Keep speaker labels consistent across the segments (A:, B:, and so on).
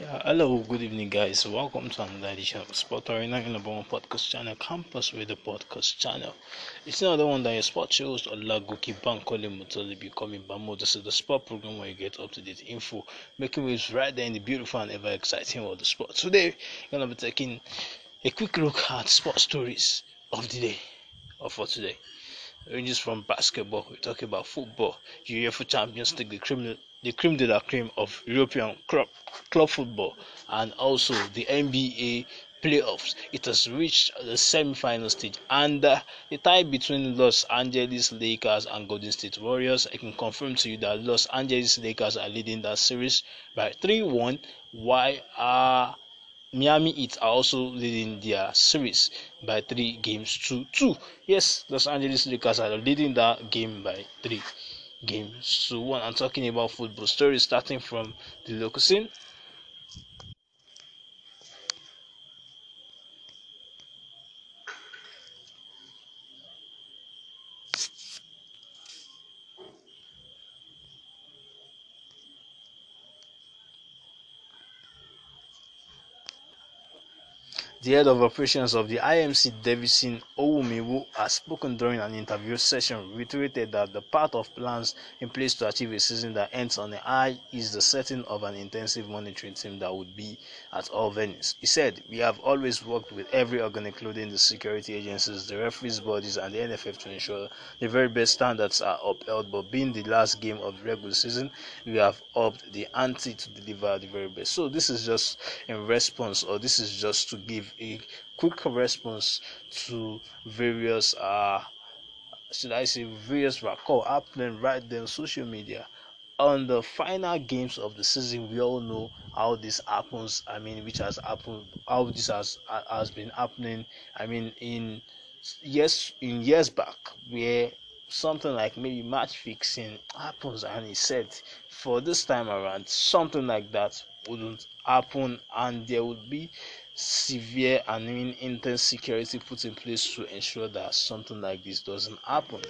A: Yeah, hello, good evening, guys. Welcome to another edition of Sport Arena, in the one podcast channel, Campus with the podcast channel. It's another one that your sport shows Olagoki Bankole Mutoli becoming Bamo. This is the sport program where you get up to date info, making waves right there in the beautiful and ever exciting world of sports. Today, we're going to be taking a quick look at sport stories of the day or for today. Ranges from basketball, we talk about football, UEFA Champions League, the criminal the creme de la creme of European club football and also the NBA playoffs. It has reached the semi-final stage, and uh, the tie between Los Angeles Lakers and Golden State Warriors. I can confirm to you that Los Angeles Lakers are leading that series by 3-1, while uh, Miami Heat are also leading their series by three games to two. Yes, Los Angeles Lakers are leading that game by three game. So when I'm talking about football stories starting from the local scene, The head of operations of the IMC, Davidson Owumi, who has spoken during an interview session, reiterated that the part of plans in place to achieve a season that ends on a high is the setting of an intensive monitoring team that would be at all venues. He said, We have always worked with every organ, including the security agencies, the referees bodies, and the NFF, to ensure the very best standards are upheld. But being the last game of the regular season, we have upped the ante to deliver the very best. So, this is just in response, or this is just to give give a quick response to various uh should I say various record happening right then social media. On the final games of the season, we all know how this happens. I mean, which has happened, how this has has been happening. I mean, in years in years back, where something like maybe match fixing happens, and he said for this time around, something like that wouldn't happen, and there would be severe and even intense security put in place to ensure that something like this doesn't happen.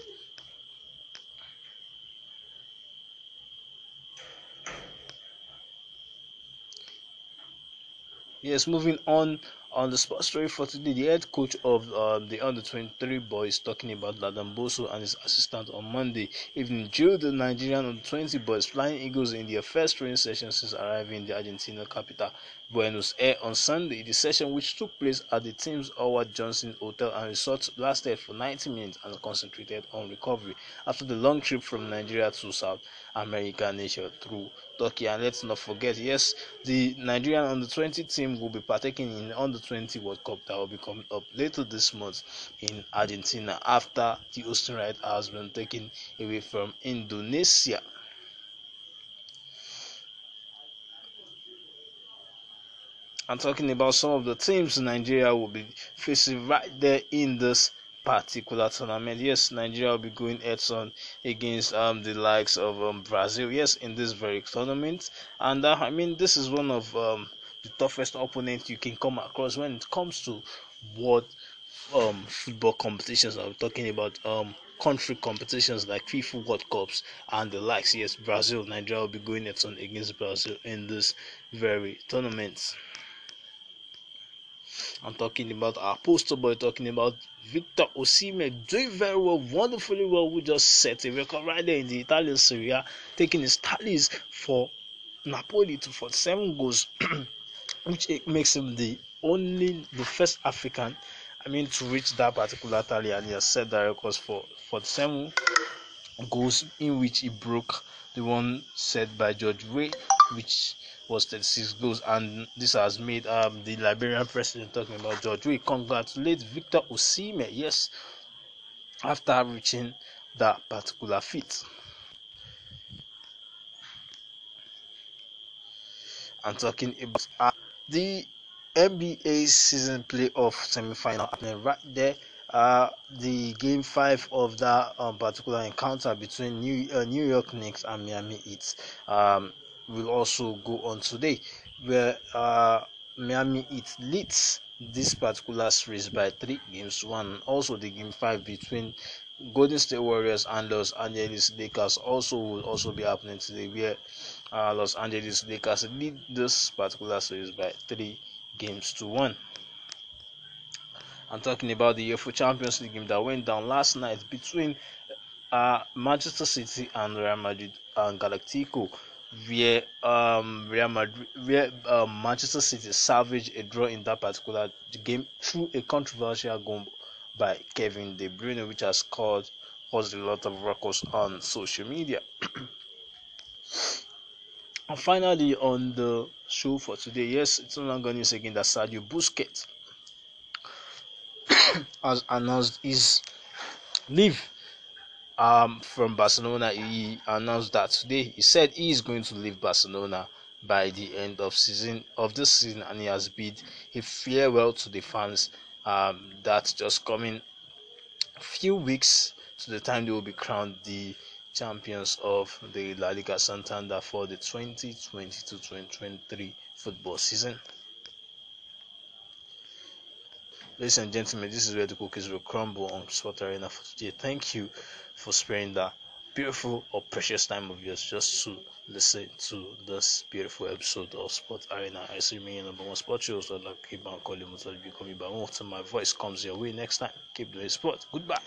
A: Yes, moving on, on the sports story for today, the head coach of um, the under 23 boys talking about Ladamboso and his assistant on Monday evening drew the Nigerian under 20 boys flying eagles in their first training session since arriving in the Argentina capital, Buenos Aires, on Sunday. The session, which took place at the team's Howard Johnson Hotel and Resort, lasted for 90 minutes and concentrated on recovery after the long trip from Nigeria to South America nation through Turkey. And let's not forget, yes, the Nigerian under 20 team will be partaking in under Twenty World Cup that will be coming up later this month in Argentina after the Austin right has been taken away from Indonesia. I'm talking about some of the teams Nigeria will be facing right there in this particular tournament. Yes, Nigeria will be going head on against um the likes of um Brazil. Yes, in this very tournament, and uh, I mean this is one of um the toughest opponent you can come across when it comes to what um, football competitions I'm talking about um, country competitions like FIFA World Cups and the likes. Yes, Brazil, Nigeria will be going at on against Brazil in this very tournament. I'm talking about our poster boy, talking about Victor Osimhen doing very well, wonderfully well. We just set a record right there in the Italian Serie taking his tallies for Napoli to 47 goals. which makes him the only the first African, I mean, to reach that particular tally, and he has set the records for for same goals in which he broke the one set by George Weah, which was 36 goals, and this has made um, the Liberian president talking about George Weah congratulate Victor osime Yes, after reaching that particular feat. I'm talking about the NBA season playoff semifinal happening right there uh, the game five of that um, particular encounter between New, uh, New York Knicks and Miami Heat um, will also go on today, where uh, Miami Heat leads this particular series by three games one. Also, the game five between Golden State Warriors and Los Angeles Lakers also will also be happening today, where uh, Los Angeles Lakers lead this particular series by three games to one. I'm talking about the UEFA Champions League game that went down last night between uh, Manchester City and Real Madrid and Galactico, where um, Real Madrid, where uh, Manchester City salvaged a draw in that particular game through a controversial goal by Kevin De Bruyne, which has caused, caused a lot of ruckus on social media. and finally, on the show for today, yes, it's no longer news again that Sergio Busquets has announced his leave um, from Barcelona. He announced that today. He said he is going to leave Barcelona by the end of season of this season, and he has bid a farewell to the fans um, that's just coming few weeks to the time they will be crowned the champions of the La Liga Santander for the 2022-2023 football season. Ladies and gentlemen, this is where the cookies will crumble on Sport Arena for today. Thank you for sparing that beautiful or precious time of yours just to listen to this beautiful episode of Sport Arena. I see me in number one sport shows so like keep on calling me, so you call me, but my voice comes your way next time. Keep doing sport. Goodbye.